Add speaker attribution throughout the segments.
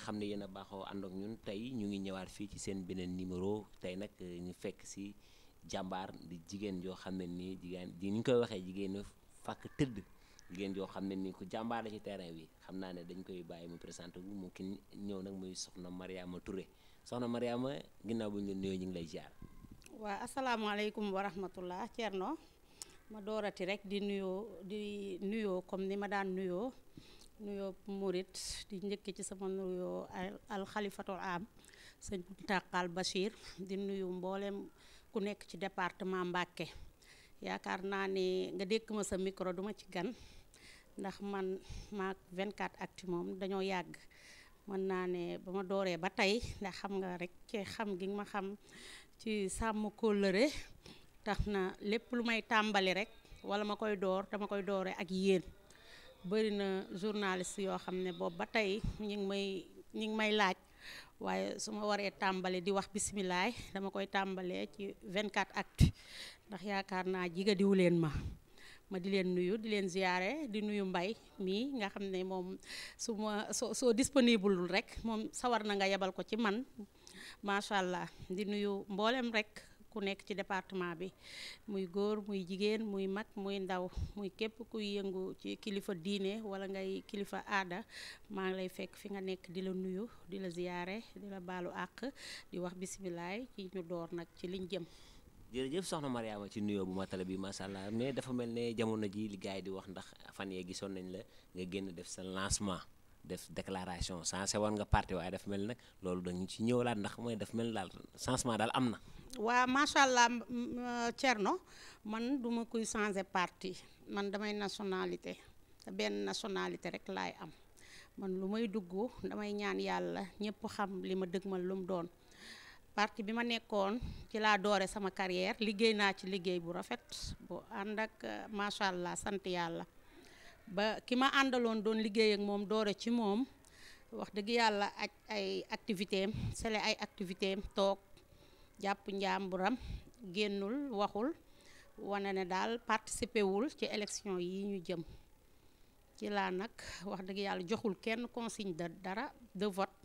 Speaker 1: nga xam ne yéen baaxoo ànd ak ñun tey ñu ngi ñëwaat fii ci seen beneen numéro tey nag eh, ñu fekk si jàmbaar di jigéen joo xam ne nii jigéen di ñu koy waxee jigéen fàkk tëdd jigéen joo xam ne nii ku jàmbaar la ci terrain bi xam naa ne dañ koy bàyyi mu présenté bu mu ki ñëw nag muy soxna Mariama Touré soxna Mariama ginnaaw bu ñu leen nuyoo ñu ngi lay ziar.
Speaker 2: waaw asalaamaaleykum wa rahmatullah Thierno ma doorati rek di nuyoo di nuyoo comme ni ma daan nuyoo. nuyoo murit di njëkk ci sama nuyoo alxalifatul am sëñ Muntaxal Bachir di nuyu mboolem ku nekk ci département Mbàkke yaakaar naa ni nga dékk ma sa micro duma ci gan ndax man maak 24 actu moom dañoo yàgg mën naa ne ba ma dooree ba tey ndax xam nga rek ci xam gi ma xam ci sàmm kóllëre tax na lépp lu may tàmbali rek wala ma koy door dama koy dooree ak yéen bëri na journaliste yoo xam ne boobu ba tey ñi may ñi ngi may laaj waaye su ma waree tàmbale di wax bisimilaay dama koy tàmbalee ci vingt 24 actu ndax yaakaar naa jiga diw leen ma ma di leen nuyu di leen ziyaare di nuyu mbay mii nga xam ne moom su ma soo soo disponible rek moom sawar na nga yebal ko ci man macha allah di nuyu mbooleem rek ku nekk ci département bi muy góor muy jigéen muy mag muy ndaw muy képp kuy yëngu ci kilifa diine wala ngay kilifa aada maa ngi lay fekk fi nga nekk di la nuyu di la ziyaare di la baalu àq di wax bisimilaay ci ñu door nag ci liñ jëm jërëjëf soxna
Speaker 1: Mariama ci nuyoo bu matala bi macha allah mais dafa mel ne jamono ji li di wax ndax fan yee gisoon nañ la nga génn def sa lancement def déclaration sensé woon nga parti waaye dafa mel nag loolu dañu ci ñëwlaat ndax mooy dafa mel daal changement daal am na.
Speaker 2: waa macha allah euh, Thierno man duma koy changer parti man damay nationalité te benn nationalité rek laay am man lu may dugg damay ñaan yàlla ñëpp xam li ma dëgmal lu mu doon parti bi ma nekkoon ci laa doore sama carrière liggéey naa ci liggéey bu rafet bu ànd ak euh, macha allah sant yàlla ba ki ma àndaloon doon liggéey ak moom doore ci moom wax dëgg yàlla ak ay activité sele ay activité am toog jàpp njàmburam génnul waxul wane ne daal participer wul ci élection yi ñu jëm ci laa nag wax dëgg yàlla joxul kenn consigne de dara de vote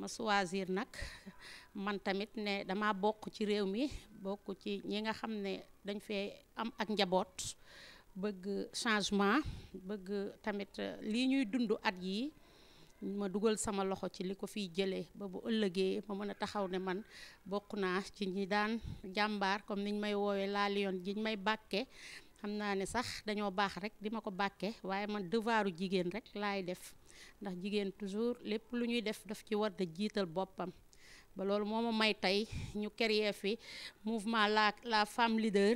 Speaker 2: ma choisir nag man tamit ne dama bokk ci réew mi bokk ci ñi nga xam ne dañ fee am ak njaboot bëgg changement bëgg tamit lii ñuy dund at yi ma dugal sama loxo ci li ko fiy jëlee ba bu ëllëgee ma mën a taxaw ne man bokk naa ci ñi daan jàmbaar comme niñ may woowee laa liyoon ñu may bàkke xam naa ne sax dañoo baax rek di ma ko bàkke waaye man devoiru jigéen rek laay def ndax jigéen toujours lépp lu ñuy def daf ci war da jiital boppam ba loolu moo ma may tey ñu créer fi mouvement la la femme leader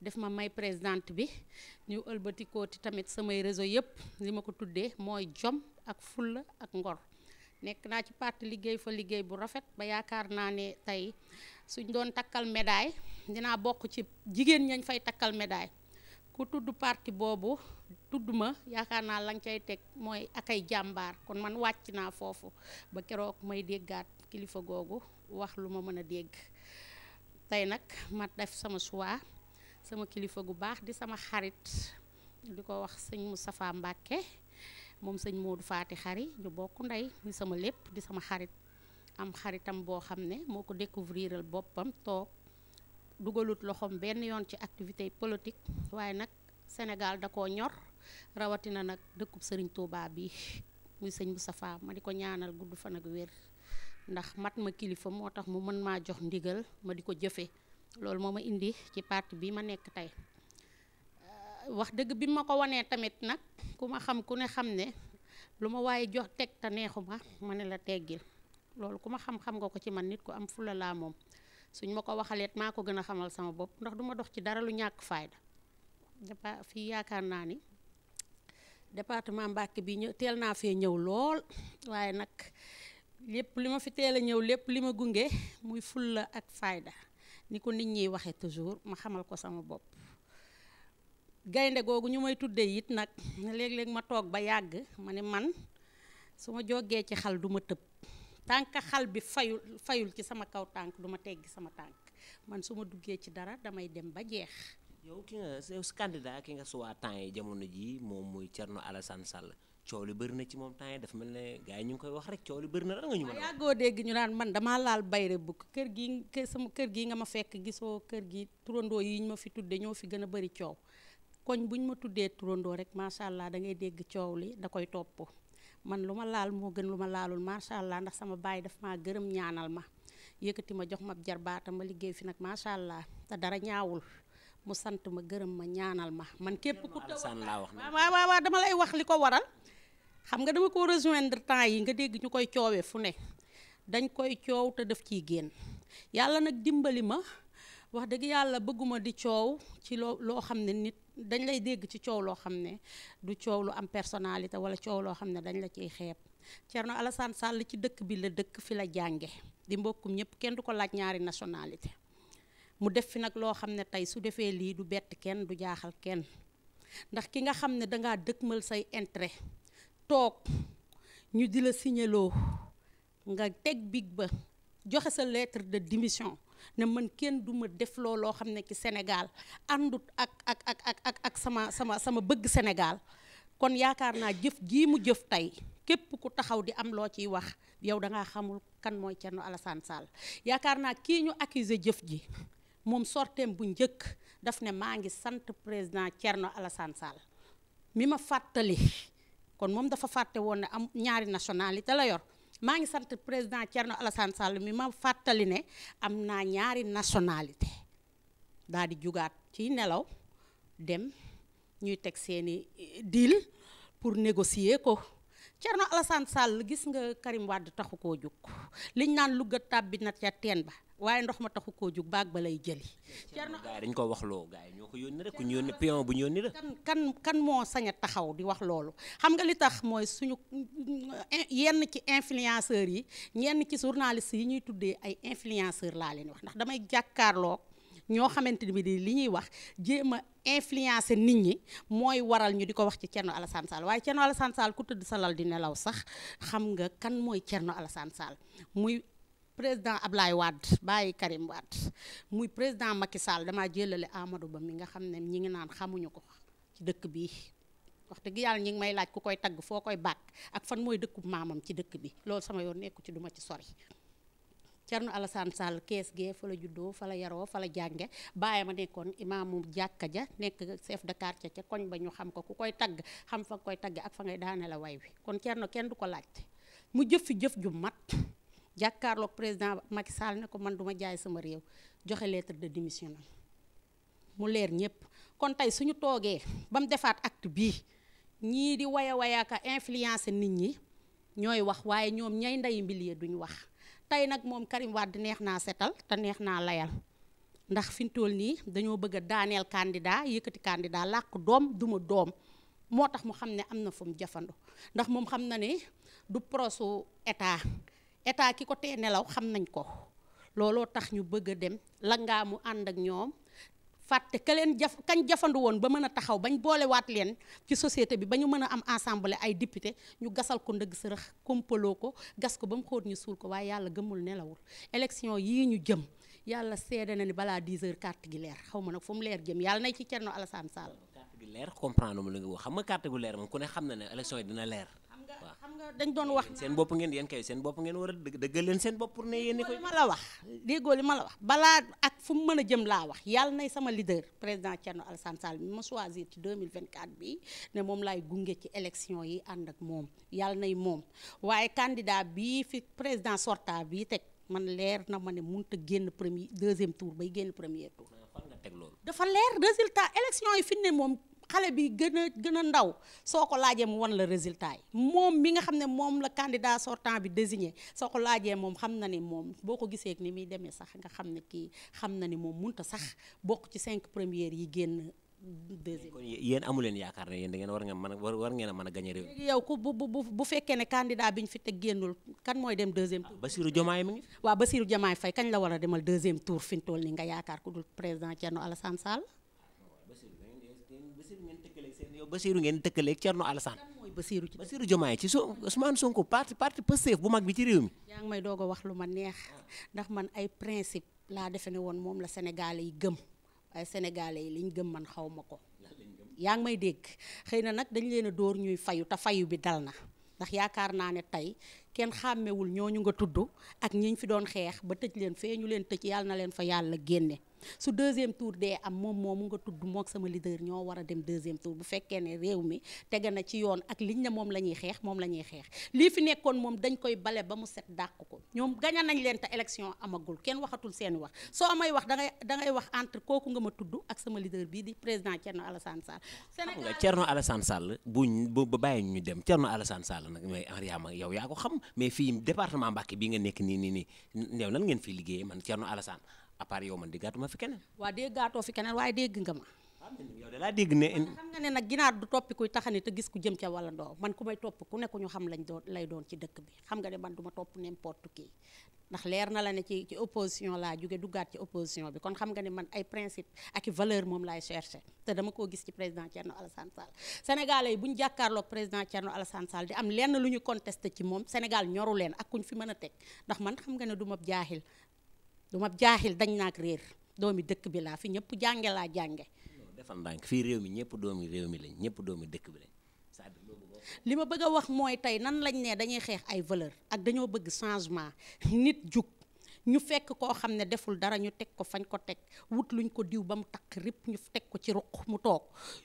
Speaker 2: def ma may présidente bi ñu ëlbatikooti tamit samay réseau yépp li ma ko tuddee mooy jom ak fulla ak ngor nekk naa ci parti liggéey fa liggéey bu rafet ba yaakaar naa ne tey suñ doon takkal médaille dinaa bokk ci jigéen ñañ fay takkal médaille ku tudd parti boobu tudd ma yaakaar naa lañ cay teg mooy akay jàmbaar kon man wàcc naa foofu ba keroog may déggaat kilifa googu wax lu ma mën a dégg tey nag ma def sama choix sama kilifa gu baax di sama xarit di ko wax sëñ Moustapha Mbacke moom sëñ Modou faati xari ñu bokk ndey muy sama lépp di sama xarit am xaritam boo xam ne moo ko découvriral boppam toog dugalut loxoom benn yoon ci activité politique waaye nag Sénégal da koo ñor rawatina nag dëkkub sëriñ Touba bi muy sëñ bu Moustapha ma di ko ñaanal gudd fan ak wér ndax mat ma kilifa moo tax mu mën maa jox ndigal ma di ko jëfe loolu moo ma indi ci parti bi ma nekk tey wax dëgg bi ma ko wanee tamit nag ku ma xam ku ne xam ne lu ma waaye jox teg te neexu ma ma ne la teggil loolu ku ma xam-xam nga ko ci man nit ku am fula laa moom suñ ma ko waxaleet maa ko gën a xamal sama bopp ndax duma dox ci dara lu ñàkk fayda dafa fii yaakaar naa ni département Mbacké bi ñëw teel naa fee ñëw lool waaye nag lépp li ma fi teel a ñëw lépp li ma gunge muy fulla ak fayda ni ko nit ñiy waxee toujours ma xamal ko sama bopp gaynde googu ñu may tuddee it nag léeg-léeg ma toog ba yàgg ma ne man su ma jógee ci xal du ma tëb tànk xal bi fayul fayul ci sama kaw tànk du ma teggi sama tànk man su ma duggee ci dara damay dem ba jeex.
Speaker 1: yow ki nga yow candidat ki nga suwaa temps yi jamono jii moom muy Thierno Alassane Sall coow li bëri na ci moom temps yi dafa mel ne gars yi ñu ngi koy wax rek coow li bëri na lan nga ñu mën a.
Speaker 2: yàggoo dégg ñu naan man dama laal bayre bukk kër gi sama kër gi nga ma fekk gisoo kër gi turandoo yi ma fi tudde ñoo fi gën a bëri coow. koñ buñ ma tuddee turondoo rek macha allah dangay ngay dégg coow li da koy topp man lu ma laal moo gën lu ma laalul macha allah ndax sama baay daf maa gërëm ñaanal ma yëkkati ma jox ma jarbaata ma liggéey fi nag macha allah te dara ñaawul mu sant ma gërëm ma ñaanal ma man képp ku taw waaw waaw dama lay wax li ko waral xam nga dama ko rejoindre temps yi nga dégg ñu koy coowee fu ne dañ koy coow te daf ciy génn yàlla nag dimbali ma wax dëgg yàlla bëgguma di coow ci loo loo xam ne nit dañ lay dégg ci coow loo xam ne du coow lu am personnalité wala coow loo xam ne dañ la ciy xeeb Thierno Alassane sàll ci dëkk bi la dëkk fi la jànge di mbokkum ñëpp kenn du ko laaj ñaari nationalité mu def fi nag loo xam ne tey su defee lii du bett kenn du jaaxal kenn ndax ki nga xam ne dangaa mal say intérêt toog ñu di la signaloo nga teg big ba joxe sa lettre de dimission ne man kenn du ma def loo xam ne ci senegal àndut ak ak ak ak ak ak sama sama sama bëgg Sénégal kon yaakaar naa jëf jii mu jëf tey képp ku taxaw di am loo ciy wax yow dangaa xamul kan mooy Thierno Alassane Sall yaakaar naa kii ñu accusé jëf ji moom sorteem bu njëkk daf ne maa ngi sant président Thierno Alassane Sall mi ma fàttali kon moom dafa fàtte woon ne am ñaari national yi nationalité la yor maa ngi sant président Thierno Alassane Sall mi ma fàttali ne am naa ñaari nationalité daal di jugaat ci nelaw dem ñuy teg seeni eh, deal pour négocier ko Thierno Alassane Sall gis nga Karim wàdd taxu ko jóg liñ naan lugga tàbbi na ca teen ba waaye ndox ma taxu ko jug baag ba lay jëli.
Speaker 1: Thierno gars yi dañu ko wax loo gars yi ñoo ko yónni rek ku ñu yónni pion bu ñu yónni rek. kan
Speaker 2: kan kan moo sañ taxaw di wax loolu xam nga li tax mooy suñu yenn ci influenceurs yi ñenn ci journalistes yi ñuy tuddee ay influenceurs laa leen wax ndax damay jàkkaarloog ñoo xamante ni bi di li ñuy wax jéem a influencer nit ñi mooy waral ñu di ko wax ci Thierno Alassane Sall waaye Thierno Alassane Sall ku tëdd sa lal di nelaw sax xam nga kan mooy Thierno Alassane Sall président Ablaye Wade bàyyi Karim Wade muy président Macky Sall damaa jëlale Amadou Ba mi nga xam ne ñi ngi naan xamuñu ko ci dëkk bii wax dëgg yàlla ñi ngi may laaj ku koy tagg foo koy bàkk ak fan mooy dëkku maamam ci dëkk bi loolu sama yoon nekku ci duma ci sori Cerno Alassane Sall kees gee fa la juddoo fa la yaroo fa la jànge bàyyi ma nekkoon imaamu jàkka ja nekk chef de quartier ca koñ ba ñu xam ko ku koy tagg xam fa koy tagg ak fa ngay daane la way wi kon Cerno kenn jàkkaarlook président Macky Sall ne ko man duma jaay sama réew joxe lettre de démission mu leer ñëpp kon tey suñu toogee ba mu defaat acte bii ñii di waya wayaaka influencer nit ñi ñooy wax waaye ñoom ñay ndeyu mbilie duñu wax tey nag moom karimwaat di neex naa setal te neex naa layal ndax fi mu toll nii dañoo bëgg a daaneel candidat yëkkati candidat làkk doom duma doom moo tax mu xam ne am na fu mu jafandu ndax moom xam na ne du prosu état état ki ko tee nelaw xam nañ ko looloo tax ñu bëgg a dem langaamu ànd ak ñoom fàtte ka leen jaf kañ jafandu woon ba mën a taxaw bañ boolewaat leen ci société bi ba ñu mën a am ensemble ay député ñu gasal ko ndëgg sërëx kompaloo ko gas ko ba mu xóot ñu suul ko waaye yàlla gëmul nelawul élection yii ñu jëm yàlla seede na ni balaa 10 heures gi leer xaw ma nag fu mu leer jëm yàlla nay ci Thierno Alassane Sall. carte
Speaker 1: gi leer comprendre mu li nga wax xam ku ne xam na ne élection yi dina nga xam nga dañ doon wax. seen bopp ngeen yéen kay seen bopp ngeen war a dëggal leen seen bopp
Speaker 2: pour ne yéen koy. ma la wax déggoo li ma la wax balaa ak fu mu mën a jëm laa wax yàlla nay sama leader président Thierno Alassane Sall bi ma choisir ci 2024 bi ne moom laay gunge ci élection yi ànd ak moom yàlla nay moom waaye candidat bi fi président sortant bi teg man leer na ma ne mënut génn premier deuxième tour bay génn premier tour. dafa leer xale bi gën a gën a ndaw soo ko laajee mu wan la résultat yi moom mi nga xam ne moom la candidat sortant bi désigné soo ko laajee moom xam na ni moom boo ko gisee ni muy demee sax nga xam ne kii xam na ni moom munta sax bokk ci cinq premières yi génn deuxième kon yéen
Speaker 1: amu leen yaakaar ne yéen da ngeen war ngeen mën a war ngeen a
Speaker 2: yow ku bu bu bu fekkee ne candidat bi ñu fi teg génnul kan mooy dem deuxième tour ah,
Speaker 1: Bassirou Diomaye
Speaker 2: mi a waaw Bassirou Diomaye Faye kañ la war a demal deuxième tour fi ñu toll ni nga yaakaar ku dul président Thierno Alassane
Speaker 1: Bassirou ngeen tëkkaleeg Thierno Alassane. Bassirou Bassirou Diomaye ci so Ousmane Sonko parti parti Pastef bu mag bi ci réew mi.
Speaker 2: yaa ngi may doog wax lu ma neex ndax man ay principe laa defe ne woon moom la Sénégalais yi gëm ay Sénégalais yi liñ gëm man xaw ma ko. yaa ngi may dégg xëy na nag dañ leen a dóor ñuy fayu te fayu bi dal na ndax yaakaar naa ne tey kenn xàmmewul ñu nga tudd ak ñiñ fi doon xeex ba tëj leen fee ñu leen tëj yàlla na leen fa yàlla génne. su deuxième tour dee am moom moomu nga tudd mook sama leader ñoo war a dem deuxième tour bu fekkee ne réew mi tege na ci yoon ak liñ ne moom la ñuy xeex moom la ñuy xeex lii fi nekkoon moom dañ koy bale ba mu set dàq ko ñoom gaña nañ leen te élection amagul kenn waxatul seen wax soo amay wax dangay ngay da ngay wax entre kooku nga ma tudd ak sama leader bii di président Thierno Alassane Sall. Sénégal xam nga
Speaker 1: Thierno Alassane Sall buñ ba bàyyi ñu dem Thierno Alassane Sall nag mooy Mariama yow yaa ko xam mais fii département Mbacké bi nga nekk nii nii nii yow nan ngeen fi liggéeyee man Thierno Alassane à part yow man déggaatuma fi keneen.
Speaker 2: fi keneen waaye dégg nga ma. Ah,
Speaker 1: yow dégg ne. xam
Speaker 2: nga ne nag ginaar du toppi kuy taxani te gis ku jëm ca wala doo man ku may topp ku ne ku ñu xam lañ doon lay doon ci dëkk bi xam nga ne man du ma topp n'importe qui ndax leer na la ne ci ci opposition laa jóge duggaat ci opposition bi kon xam nga ne man ay principe ak i valeur moom laay cherché te dama koo gis ci président Thierno Alassane Sall sénégalais yi bu ñu jàkkaarloog président Thierno Alassane Sall di am lenn lu ñu contesté ci moom Sénégal ñoru leen ak kuñ fi mën a teg ndax man xam nga ne du ma jaahil du ma jaaxil dañ naak réer doomi dëkk bi laa fi ñëpp jànge laa jànge
Speaker 1: defal ndànk fii réew mi ñëpp doomi réew mi lañ ñëpp doomi dëkk bi lañ
Speaker 2: li ma bëgg a wax mooy tey nan lañ ne dañuy xeex ay valeur ak dañoo bëgg changement nit jug ñu fekk koo xam ne deful dara ñu teg ko fañ ko teg wut luñ ko diw ba mu takk rip ñu teg ko ci ruq mu toog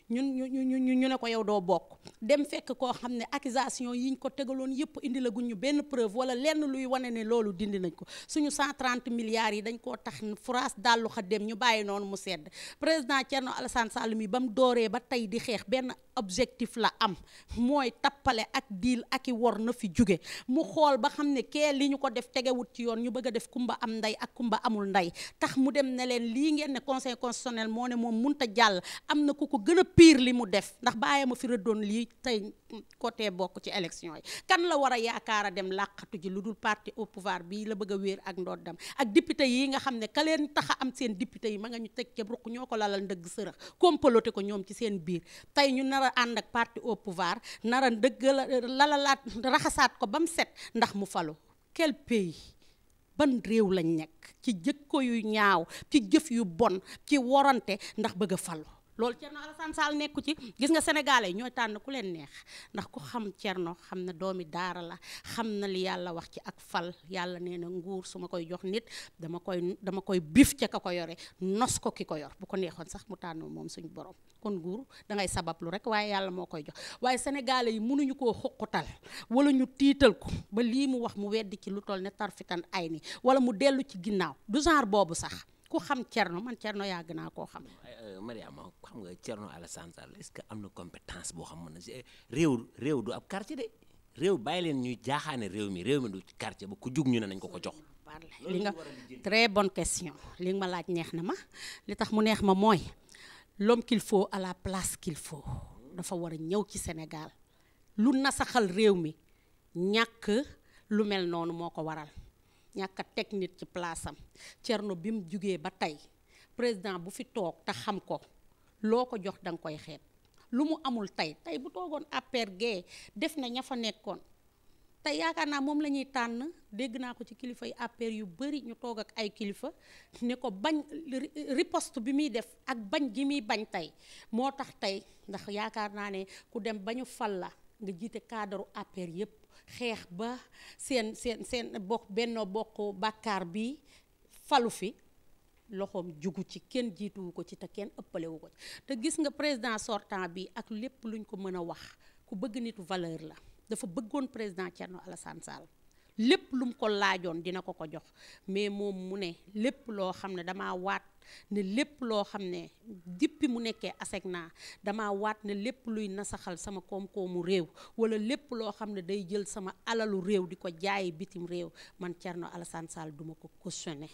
Speaker 2: ñun ñu ñu ñu ne ko yow doo bokk dem fekk koo xam ne accusation yiñ ko tegaloon yëpp indi la guñ ñu benn preuve wala lenn luy wane ne loolu dindi nañ ko suñu 130 milliards yi dañ koo tax France dallu xa dem ñu bàyyi noonu mu sedd président Thierno Alassane Sall mi ba mu dooree ba tey di xeex benn objectif la am mooy tappale ak diil ak i wor na fi jóge mu xool ba xam ne kee li ñu ko def tegewut ci yoon ñu bëgg a kumba am ndey ak kumba amul ndey tax mu dem ne leen lii ngeen ne conseil constitutionnel moo ne moom munta jàll am na ku ko gën a pire li mu def ndax bàyyi ma fi rëddoon lii tey côté bokk ci élection yi kan la war a yaakaar a dem làqatu ji lu dul parti au pouvoir bii la bëgg a wéer ak ndoddam ak député yi nga xam ne ka leen tax a am seen député yi ma nga ñu teg ca ruq ñoo ko lalal ndëgg sërëx compaloté ko ñoom ci seen biir tey ñu nar a ànd ak parti au pouvoir nar a ndëgg la lalalaat raxasaat ko ba set ndax mu falu quel pays ban réew lañ nekk ci jëkko yu ñaaw ci jëf yu bon ci worante ndax bëgg a falu loolu Thierno Alassane Sall nekku ci gis nga sénégalais ñooy tànn ku leen neex ndax ku xam Thierno xam na doomi daara la xam na li yàlla wax ci ak fal yàlla nee na nguur su ma koy jox nit dama koy dama koy bif ca ka ko yore nos ko ki ko yor bu ko neexoon sax mu tànn moom suñu borom kon nguur da ngay sabablu rek waaye yàlla moo koy jox waaye sénégalais yi mënuñu koo xuqutal wala ñu tiital ko ba lii mu wax mu weddi ci lu toll ne tarfitan ay ni wala mu dellu ci ginnaaw du genre boobu sax ku xam Thierno man Thierno yàgg naa koo xam. Euh,
Speaker 1: Mariama xam nga Thierno Alassane Sall est-ce que am na compétence boo xam ne réew réew du ab quartier de réew bàyyi leen ñuy jaaxaane réew mi réew mi du quartier ba ku jug ñu ne nañ ko ko jox.
Speaker 2: li nga très bon question li nga ma laaj neex na ma li tax mu neex ma mooy l'homme qu'il à la place qu'il dafa war a ñëw ci Sénégal lu nasaxal réew mi ñàkk lu mel noonu moo ko waral. ñàkk a teg nit ci place am Thierno bi mu jógee ba tey président bu fi toog te xam ko loo ko jox danga koy xeet lu mu amul tey tey bu toogoon APR gee def na ña fa nekkoon tey yaakaar naa moom la ñuy tànn dégg naa ko ci kilifay yi yu bëri ñu toog ak ay kilifa ne ko bañ riposte bi muy def ak bañ gi muy bañ tey moo tax tey ndax yaakaar naa ne ku dem ba ñu fal la nga jiite cadre APR yëpp xeex ba seen seen seen bokk bennoo bokk bàkkaar bi falu fi loxoom jugu ci kenn jiituwu ko ci te kenn ëppalewu ko ci te gis nga président sortant bi ak lépp luñ ko mën a wax ku bëgg nitu valeur la dafa bëggoon président Thierno Alassane Sall lépp lum ko laajoon dina ko ko jox mais moom mu ne lépp loo xam ne damaa waat ne lépp loo xam ne dippi mu nekkee ASECNA dama waat ne lépp luy nasaxal sama koom-koomu réew wala lépp loo xam ne day jël sama alalu réew di ko jaayi bitim réew man Thierno Alassane Sall duma ko cautionné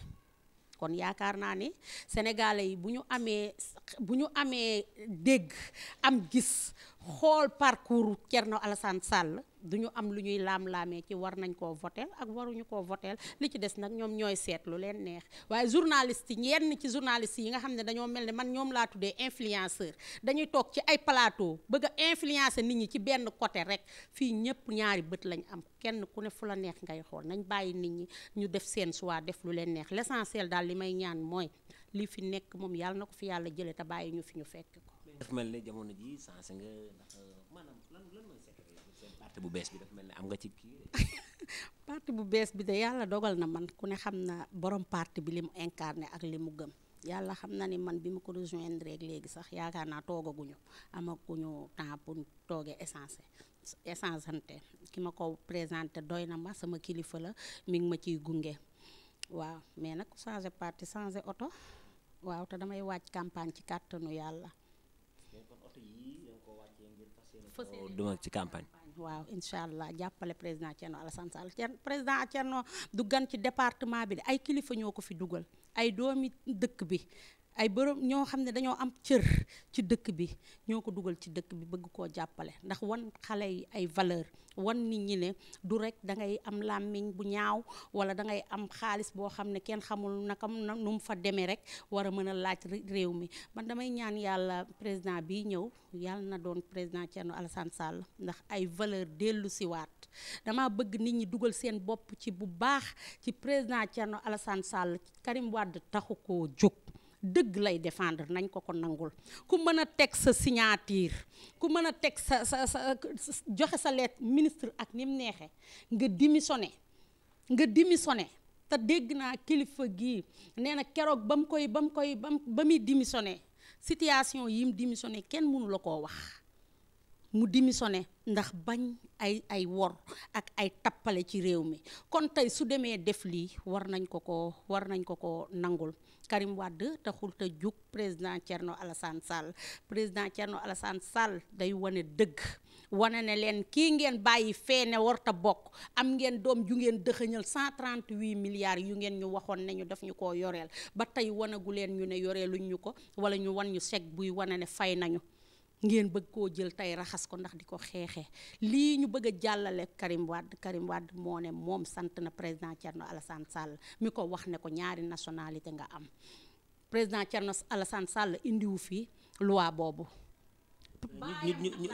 Speaker 2: kon yaakaar naa ne sénégalais yi bu ñu amee bu ñu amee dégg am gis xool parcours Thierno Alassane Sall du ñu am lu ñuy laam-laamee ci war nañ koo votel ak waruñu koo votel li ci des nag ñoom ñooy seet lu leen neex waaye journaliste yenn ci journaliste yi nga xam ne dañoo mel ne man ñoom laa tuddee influenceur dañuy toog ci ay plateau bëgg a influencer nit ñi ci benn côté rek fii ñëpp ñaari bët lañ am kenn ku ne fu la neex ngay xool nañ bàyyi nit ñi ñu def seen choix def lu leen neex l'essentiel daal li may ñaan mooy li fi nekk moom yàlla na ko fi yàlla jëlee te bàyyi ñu fi ñu fekk ko
Speaker 1: dafa mel ne jamono ji sensé nga ndax maanaam bu bees bi dafa am nga ci kii
Speaker 2: parti bu bees bi de yàlla dogal na man ku ne xam na borom parti bi li mu incarné ak li mu gëm yàlla xam na ni man bi ma ko rejoindre rek léegi sax yaakaar naa toogaguñu amaguñu temps pour toogee essence essence ki ma ko présenté doy na ma sama kilifa la mi ngi ma ciy gunge waaw mais nag changé parti oto waaw te damay wàcc campagne ci kàttanu yàlla
Speaker 1: Oh, duma ci campagne
Speaker 2: waaw incha allah jàppale président Thierno Alassane Sall président Thierno du gan ci département bi de ay kilifa ñoo ko fi dugal ay doomi dëkk bi ay bërëm ñoo xam ne dañoo am cër ci dëkk bi ñoo ko dugal ci dëkk bi bëgg koo jàppale ndax wan xale yi ay valeur wan nit ñi ne du rek da ngay am làmmiñ bu ñaaw wala da ngay am xaalis boo xam ne kenn xamul naka nu mu fa demee rek war a mën a laaj réew mi man damay ñaan yàlla président bi ñëw yàlla na doon président Thierno Alassane Sall ndax ay valeur dellu si waat dama bëgg nit ñi dugal seen bopp ci bu baax ci président Thierno Alassane Sall Karim Wade taxu koo jóg dëgg lay defendre nañ ko ko nangul ku mën a teg sa signature ku mën a teg sa sa sa joxe sa lettre ministre ak ni mu neexee nga démissionné nga démissionné te dégg naa kilifa gii nee na keroog bam koy bam koy ba mu ba muy démissionné situation yi mu kenn mënu la koo wax. mu démissionné ndax bañ ay ay wor ak ay tappale ci réew mi kon tey su demee def lii war nañ ko ko war nañ ko ko nangul Karim Wade taxul te jug président Thierno Alassane Sall président Thierno Alassane Sall day wane dëgg wane ne leen kii ngeen bàyyi fee ne war ta bokk am ngeen doom ju ngeen dëxëñal 138 milliards yu ngeen ñu waxoon ne ñu daf ñu koo yoreel ba tey wanagu leen ñu ne yoreeluñ ñu ko wala ñu wan ñu chèque buy wane ne fay nañu ngeen bëgg koo jël tey raxas ko ndax di ko xeexee lii ñu bëgg a jàllale Karim Wade Karim Wade moo ne moom sant na président Thierno Alassane sàll mi ko wax ne ko ñaari nationalité nga am président Thierno Alassane Sall indiwu fi loi boobu ñu ñu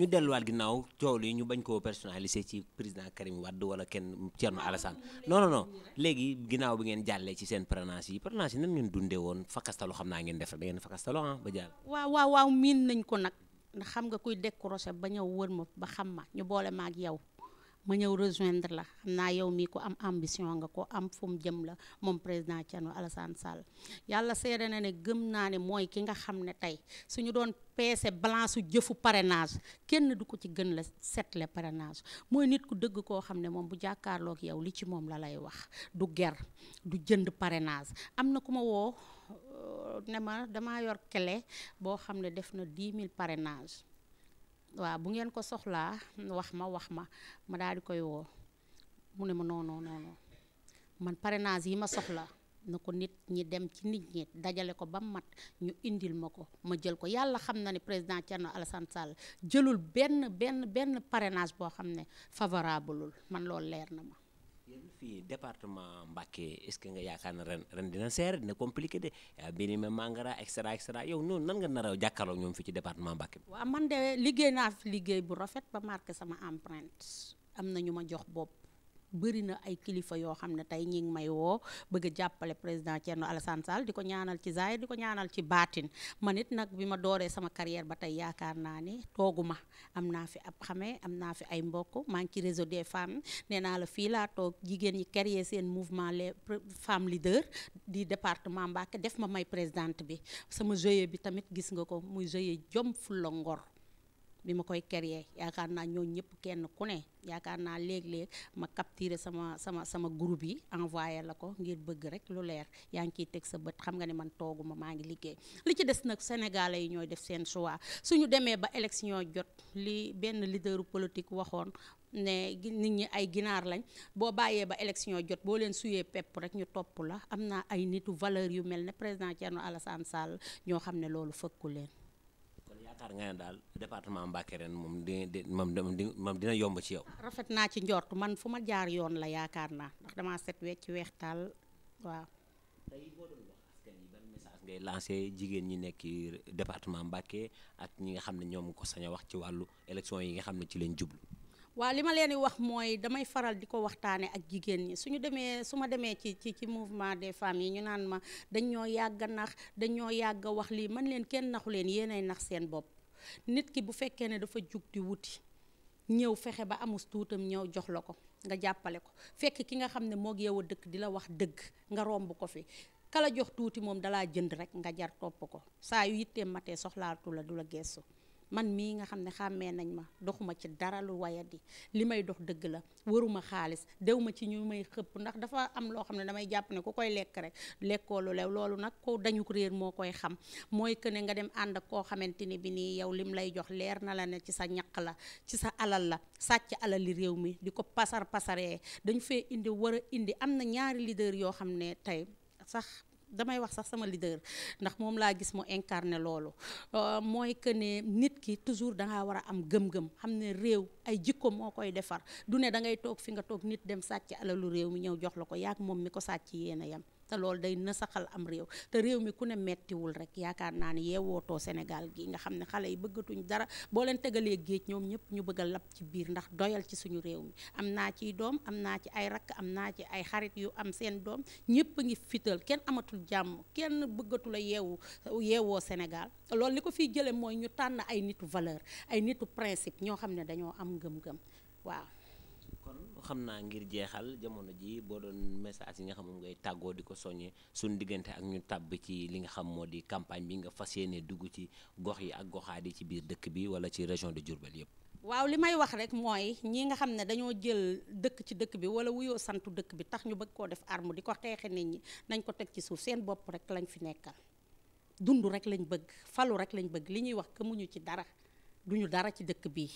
Speaker 1: ñu delluwaat ginnaaw coow li ñu bañ koo personnalisé ci président Karim Wade wala kenn Thierno Alassane non non non léegi ginnaaw bi ngeen jàllee ci seen parrainage yi parrainage yi nan ngeen dundee woon fakastalo xam naa ngeen def da ngeen fakastalo ah ba jàll.
Speaker 2: waaw waaw waaw miin nañ ko nag xam nga kuy décroché ba ñëw wër ma ba xam ma ñu boole ma ak yow. ma ñëw rejoindre la xam naa yow mii ko am ambition nga ko am fu mu jëm la moom président Thierno Alassane Sall yàlla seede na ne gëm naa ne mooy ki nga xam ne tey suñu doon peese balance su jëfu parenage kenn du ko ci gën la setle parrainage mooy nit ku dëgg koo xam ne moom bu jàkkaarloog yow li ci moom la lay wax du ger du jënd parenage am na ku ma woo euh, ne ma damaa yor clé boo xam ne def na 10 mille parenage waaw bu ngeen ko soxlaa wax ma wax ma ma daal di koy woo mu ne ma non non man parrainage yi ma soxla na ko nit ñi dem ci nit ñi dajale ko ba mat ñu indil ma ko ma jël ko yàlla xam na ni président Thierno Alassane Sall jëlul benn benn benn parrainage boo xam ne favorableul man loolu leer na ma.
Speaker 1: fii département Mbacké est-ce que nga yaakaar na ren ren dina seer dina compliqué de Birima Mangara et cetera et cetera yow noonu nan nga nar a jàkkaarloo ñoom fii ci département Mbacké bi
Speaker 2: waaw man de liggéey naa fi liggéey bu rafet ba marke sama empreinte am na ñu ma jox bopp bëri na ay kilifa yoo xam ne tey ñi may woo bëgg jàppale président Thierno Alassane Sall di ko ñaanal ci zaahir di ko ñaanal ci baatin ma nit nag bi ma dooree sama carrière ba tey yaakaar naa ne tooguma am naa fi ab xame am naa fi ay mbokk maa ngi ci réseau des femmes nee naa la fii laa toog jigéen ñi créer seen mouvement les femmes leaders di département Mbacké def ma may présidente bi sama GIE bi tamit gis nga ko muy GIE jom fulla ngor bi ma koy créer yaakaar naa ñoo ñëpp kenn ku ne yaakaar naa léeg-léeg ma capturer sama sama sama groupe yi envoyé la ko ngir bëgg rek lu leer yaa ngi ciy teg sa bët xam nga ne man tooguma maa ngi liggéey li ci des nag sénégalais yi ñooy def seen choix suñu demee ba élection jot li benn leaderu politique waxoon ne nit ñi ay ginaar lañ boo bàyyee ba élection jot boo leen suyee pepp rek ñu topp la am naa ay nitu valeur yu mel ne président Thierno Alassane Sall ñoo xam ne loolu fëkku leen
Speaker 1: yaakaar nga ne daal département Mbacké reen moom di di moom dina yomb ci yow.
Speaker 2: rafet naa ci njort man fu ma jaar yoon la yaakaar naa ndax damaa set wecc ci weex taal waaw.
Speaker 1: ngay lancé jigéen ñi nekk département Mbacké ak ñi nga xam ne ñoom ko saña wax ci wàllu élection yi nga xam ne ci leen jublu.
Speaker 2: waa li ma leen di wax mooy damay faral di ko waxtaanee ak jigéen ñi suñu demee su ma demee ci ci ci mouvement des femmes yi ñu naan ma dañ ñoo yàgg a nax dañ ñoo yàgg a wax lii man leen kenn naxu leen yéenay nax seen bopp nit ki bu fekkee ne dafa jug di wuti ñëw fexe ba amus tuutam ñëw jox la ko nga jàppale ko fekk ki nga xam ne moog yow a dëkk di la wax dëgg nga romb ko fi kala jox tuuti moom dalaa jënd rek nga jar topp ko saa yu yitteem matee soxlaatu la du la geesu man mii nga xam ne xàmmee nañ ma doxuma ci dara lu wayadi li may dox dëgg la waruma xaalis dew ma ci ñu may xëpp ndax dafa am loo xam ne damay jàpp ne ku koy lekk rek lekkoolu lu lew loolu nag ko dañu réer moo koy xam mooy que ne nga dem ànd ak koo xamante ni bi nii yow lim lay jox leer na la ne ci sa ñaq la ci sa alal la sàcc alal li réew mi di ko pasar pasaree dañu fee indi war a indi am na ñaari leader yoo xam ne tey sax damay wax sax sama leader ndax moom laa gis mu incarné loolu euh, mooy que ne nit ki toujours dangaa war a am gëm-gëm xam ne réew ay jikko moo koy defar du ne da ngay toog fi nga toog nit dem sàcc alalu réew mi ñëw jox la ko yaag moom mi ko sàcc yéen a yem te loolu day nasaxal am réew te réew mi ku ne mettiwul rek yaakaar naa ne yeewootoo Sénégal gi nga xam ne xale yi bëggatuñ dara boo leen tegalee géej ñoom ñëpp ñu bëgg a lab ci biir ndax doyal ci suñu réew mi am naa ciy doom am naa ci ay rakk am naa ci ay xarit yu am seen doom ñëpp a ngi fital kenn amatul jàmm kenn bëggatul a yeewu yeewoo Sénégal loolu li ko fiy jële mooy ñu tànn ay nitu valeur ay nitu principe ñoo xam ne dañoo am ngëm-ngëm waaw
Speaker 1: kon xam naa ngir jeexal jamono ji boo doon message si nga xam moom ngay tàggoo di ko soññee suñu diggante ak ñu tàbb ci li nga xam moo di campagne bi nga fas yéene dugg ci gox yi ak goxaat yi ci biir dëkk bi wala ci région de Diourbel yëpp.
Speaker 2: waaw li may wax rek mooy ñi nga xam ne dañoo jël dëkk ci dëkk bi wala wuyoo santu dëkk bi tax ñu bëgg koo def armu di ko xeexe nit ñi nañ ko teg ci suuf seen bopp rek lañ fi nekkal dund rek lañ bëgg falu rek lañ bëgg li ñuy wax gëmuñu ci dara duñu dara ci dëkk bi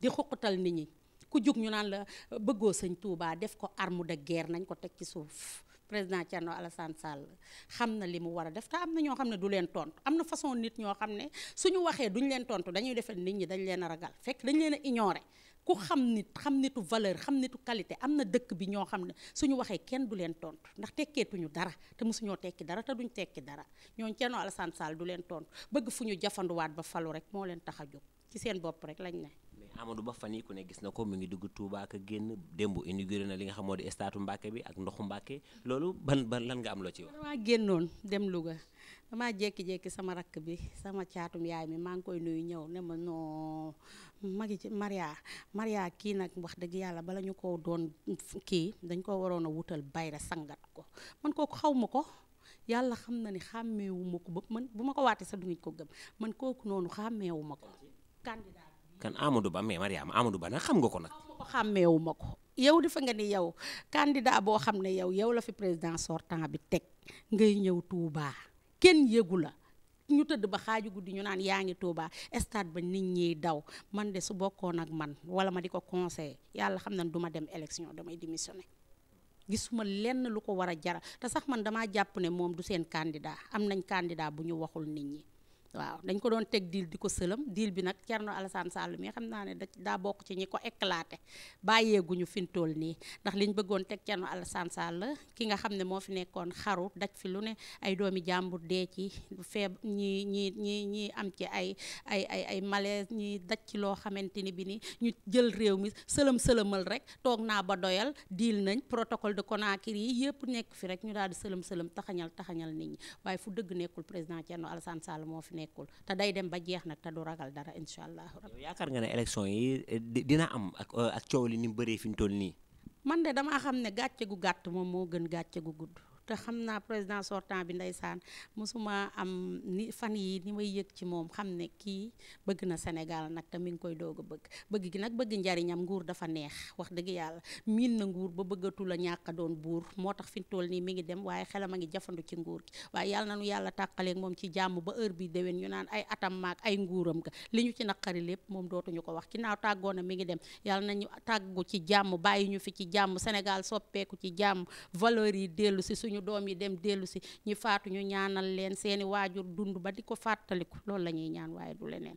Speaker 2: di nit ñi. ku jug ñu naan la bëggoo sëñ tuubaa def ko armu de guerre nañ ko teg ci suuf président Thierno Alassane Sall xam na li mu war a def te am na ñoo xam ne du leen tontu am na façon nit ñoo xam ne suñu waxee duñ leen tontu dañuy defal nit ñi dañ leen a ragal fekk dañ leen a ignorer ku xam nit xam nitu valeur xam nitu qualité am na dëkk bi ñoo xam ne suñu waxee kenn du leen tontu ndax tekkeetuñu dara te mosuñoo tekki dara te tekki dara ñooñ Thierno Alassane Sall du leen tontu bëgg fu ñu jafanduwaat ba falu rek moo leen tax a jóg ci seen bopp rek lañ ne.
Speaker 1: Amadou Ba fan yi ku ne gis na ko mu ngi dugg Touba génn démb indi inauguré na li nga xam moo di statu Mbacke bi ak ndoxu Mbacke loolu ban ban lan nga am loo ci wax.
Speaker 2: damaa génnoon dem Louga damaa jékki sama rakk bi sama caatum yaay mi maa ngi koy nuyu ñëw ne ma non magi ci Maria Maria kii nag wax dëgg yàlla bala ñu ko doon kii dañ ko waroon a wutal bayra sangat ko mën kooku xaw ma ko. yàlla xam na ni xàmmewuma ko ba man bu ma ko waatee sa du ko gëm man kooku noonu xàmmeewu ko.
Speaker 1: kan Amadou Ba mais Mariama Amadou Ba nag
Speaker 2: xam nga ko nag. ko xàmmeewu ko yow defe nga ni yow candidat boo xam ne yow yow la fi président sortant bi teg ngay ñëw Touba kenn yëgu la ñu tëdd ba xaaju guddi ñu naan yaa ngi Touba stade ba nit ñiy daw man de su bokkoon ak man wala ma di ko conseillé yàlla xam na du ma dem élection damay démissionné. gisuma lenn lu ko war a jara te sax man damaa jàpp ne moom du seen candidat am nañ candidat bu ñu waxul nit ñi. waaw dañ ko doon teg diil di ko sëlam diil bi nag Thierno Alassane Sall mi xam naa ne da daa bokk ci ñi ko éclaté bàyyeeguñu fi mu toll nii ndax liñ bëggoon teg Thierno Alassane Sall ki nga xam ne moo fi nekkoon xaru daj fi lu ne ay jàmbur dee ci feeb ñi ñi ñi ñi am ci ay ay ay ay malaise ñi daj ci loo xamante ni bi ni ñu jël réew mi sëlam sëlamal rek toog naa ba doyal diil nañ protocole de Conakry yi yëpp nekk fi rek ñu daal di sëlam sëlam taxañal taxañal nit ñi waaye fu dëgg nekkul président Thierno Alassane Sall moo fi nekk nekkul te day dem ba jeex nag te du ragal dara incha allah. yaakaar
Speaker 1: nga ne élection yi eh, dina am ak eh, ak coow li ni mu bëree fi mu toll nii.
Speaker 2: man de damaa xam ne gàcce gu gàtt moom moo gën gàcce gu gudd. te xam naa président sortant bi ndeysaan mosuma am ni fan yi ni may yëg ci moom xam ne kii bëgg na Sénégal nag te mi ngi koy doog a bëgg bëgg gi nag bëgg njariñam nguur dafa neex wax dëgg yàlla miin na nguur ba bëggatu la ñàkk a doon buur moo tax fi mu toll nii mi ngi dem waaye xelam a ngi jafandu ci nguur gi waaye yàlla na nu yàlla tàqaleeg moom ci jàmm ba heure bii déwén ñu naan ay atam maak ay nguuram ka li ñu ci naqari lépp moom dootuñu ko wax ginnaaw tàggoo na mi ngi dem yàlla nañu tàggu ci jàmm bàyyi ñu ci jàmm Sénégal suñu doom yi dem dellu si ñi faatu ñu ñaanal leen seeni waajur dund ba di ko fàttaliku loolu la ñuy ñaan waaye du leneen.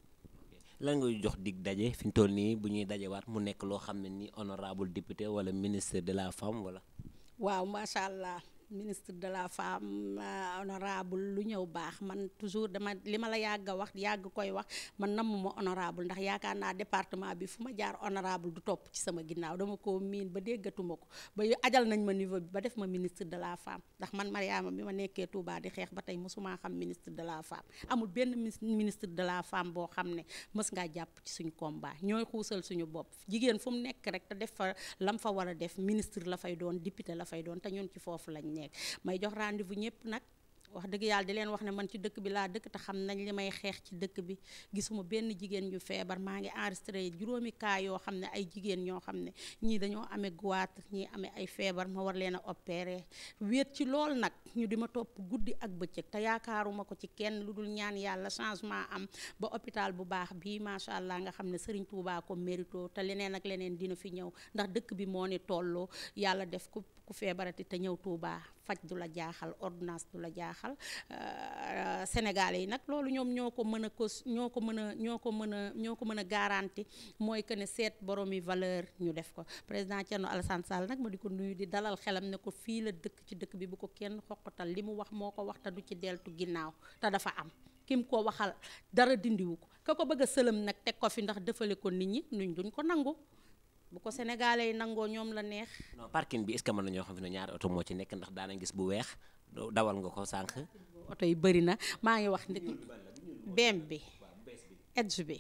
Speaker 1: lan ngay jox dig daje fi ñu toll nii bu ñuy dajewaat mu nekk loo xam ne nii honorable député wala ministre de la femme wala.
Speaker 2: waaw macha allah ministre de la femme euh, honorable lu ñëw baax man toujours dama li ma la yàgg a wax yàgg koy wax man namuma honorable ndax yaakaar naa département bi fu ma jaar honorable du topp ci sama ginnaaw dama ko miin ba déggatuma ko ba ajal nañ ma niveau bi ba def ma ministre de la femme ndax man Mariama bi ma nekkee Touba di xeex ba tey mosumaa xam ministre de la femme amul benn ministre de la femme boo xam ne mës ngaa jàpp ci suñu combat ñooy xuusal suñu bopp jigéen fu mu nekk rek def fa lam fa war a def ministre la fay doon député la fay doon te ci foofu lañ wàññeek may jox rendez-vous ñëpp nag wax dëgg yàlla di leen wax ne man ci dëkk bi laa dëkk te xam nañ li may xeex ci dëkk bi gisuma benn jigéen ñu feebar maa ngi enregistré juróomi cas yoo xam ne ay jigéen ñoo xam ne ñii dañoo amee goitre ñii amee ay feebar ma war leen a opéré wéet ci lool nag ñu di ma topp guddi ak bëccëg te yaakaaruma ko ci kenn lu dul ñaan yàlla changement am ba hôpital bu baax bii macha allah nga xam ne Serigne Touba mérito te leneen ak leneen dina fi ñëw ndax dëkk bi moo ne tolloo yàlla def ko ku feebarati te ñëw Touba faj du la jaaxal ordonnance du la jaaxal euh, sénégalais yi nag loolu ñoom ñoo ko mën a ko ñoo ko mën a ñoo ko mën a ñoo ko mën a garanti mooy que ne seet boromi valeur ñu def ko président Thierno Alassane Sall nag ma di ko nuyu di dalal xelam ne ko fii la dëkk ci dëkk bi bu ko kenn xoqatal li mu wax moo ko wax du ci deltu ginnaaw te dafa am kim ko waxal dara dindiwu ko ka ko bëgg sëlëm nag teg ko fi ndax defale ko nit ñi nuñ duñ ko nangu bu ko sénégalais yi nangoo ñoom la neex.
Speaker 1: non parking bi est ce que na ñoo xam ne ñaari oto moo ci nekk ndax daana gis bu weex dawal nga ko sànq.
Speaker 2: oto yi bëri na maa ngi wax nit bem bi edge bi.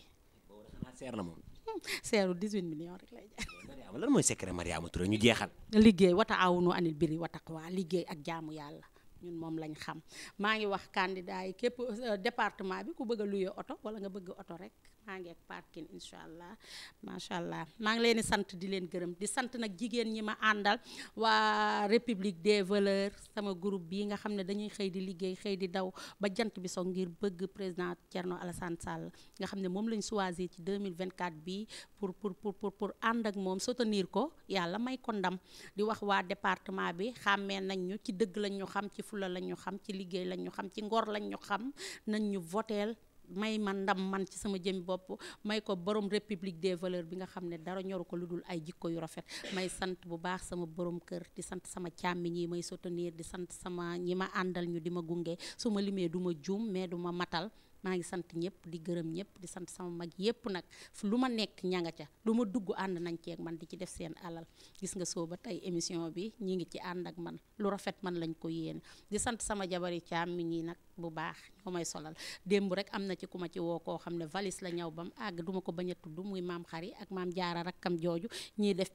Speaker 2: seer na moom. Hmm, seeru 18 millions rek lay jaar.
Speaker 1: Mariama lan mooy secret Mariama Touré ñu jeexal.
Speaker 2: liggéey wata awunu anil biri wa taqwa liggéey ak jaamu yàlla ñun moom lañ xam maa ngi wax candidat yi képp euh, département bi ku bëgga a luye oto wala nga bëgg oto rek maa ngi parking incha allah macha allah maa ngi leen sant di leen gërëm di sant nag jigéen ñi ma àndal waa république des valeur sama groupe bi nga xam ne dañuy xëy di liggéey xëy di daw ba jant bi so ngir bëgg président Thierno Alassane Sall nga xam ne moom lañ choisir ci 2024 bi pour pour pour pour ànd ak moom soutenir ko yàlla may ko ndam di wax waa département bi xàmmee nañ ñu ci dëgg lañ ñu xam ci fula lañ ñu xam ci liggéey lañ ñu xam ci ngor lañ ñu xam nañ ñu voteel may man ndam man ci sama jëm bopp may ko borom république des valeurs bi nga xam ne dara ñoru ko lu dul ay jikko yu rafet may sant bu baax sama borom kër di sant sama càmmi ñi may soutenir di sant sama ñi ma àndal ñu di ma gunge su ma limee duma juum mais du ma matal maa ngi sant ñëpp di gërëm ñëpp di sant sama mag yëpp nag lu ma nekk ña nga ca lu ma dugg ànd nañ ceeg man di ci def seen alal gis nga soo ba tey émission bi ñi ngi ci ànd ak man lu rafet man lañ ko yéene di sant sama jabari caam mi ñi nag bu baax ñoo may solal démb rek am na ci ku ma ci woo koo xam ne valise la ñaw ba mu àgg duma ko bañ a tudd muy maam xari ak maam jaara rakkam jooju ñiy def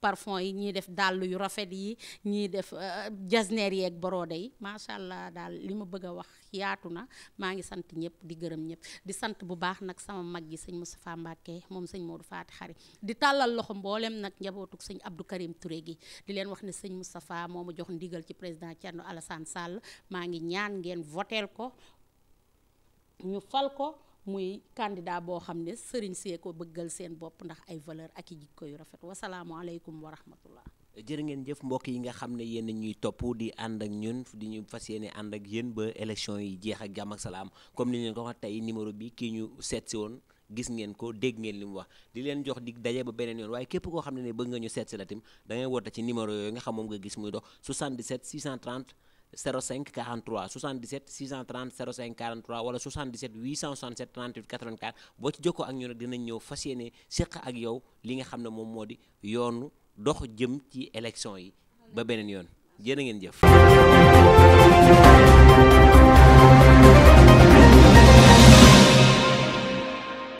Speaker 2: parfum yi ñiy def dàll yu rafet yi ñiy def euh, jasneer yeeg borode yi macha allah daal li ma bëgg a wax yaatu na maa ngi sant ñëpp di gërëm ñëpp di sant bu baax nag sama mag gi sëñ Moustapha Mbacke moom sëñ Modou Faati Xari di tàllal loxo mboolem nag njabootug sëñ Abdou Karim Touré gi di leen wax ne sëñ Moustapha moo ma jox ndigal ci président Thierno Alassane Sall maa ngi ñaan ngeen voteel ko ñu fal ko. muy candidat boo xam ne sëriñ see ko bëggal seen bopp ndax ay valeur ak i jikko yu rafet wasalaamualeykum wa rahmatullah
Speaker 1: jërë ngeen jëf mbokk yi nga xam ne yéen ñuy topp di ànd ak ñun di ñu fas yéene ànd ak yéen ba élection yi jeex ak jàmm ak salaam comme ni ñu leen ko wax tey bi kii ñu seet woon gis ngeen ko dégg ngeen li mu wax di leen jox dig daje ba beneen yoon waaye képp koo xam ne ne bëgg nga ñu seet la tim da ngay ci numéro yooyu nga xam moom nga gis muy dox 77 05 43 77 630 05 43 wala 77 867 38 84 boo ci jokkoo ak ñun nag dinañ ñëw fas yéene séq ak yow li nga xam ne moom moo di yoonu dox jëm ci élection yi ba beneen yoon a ngeen jëf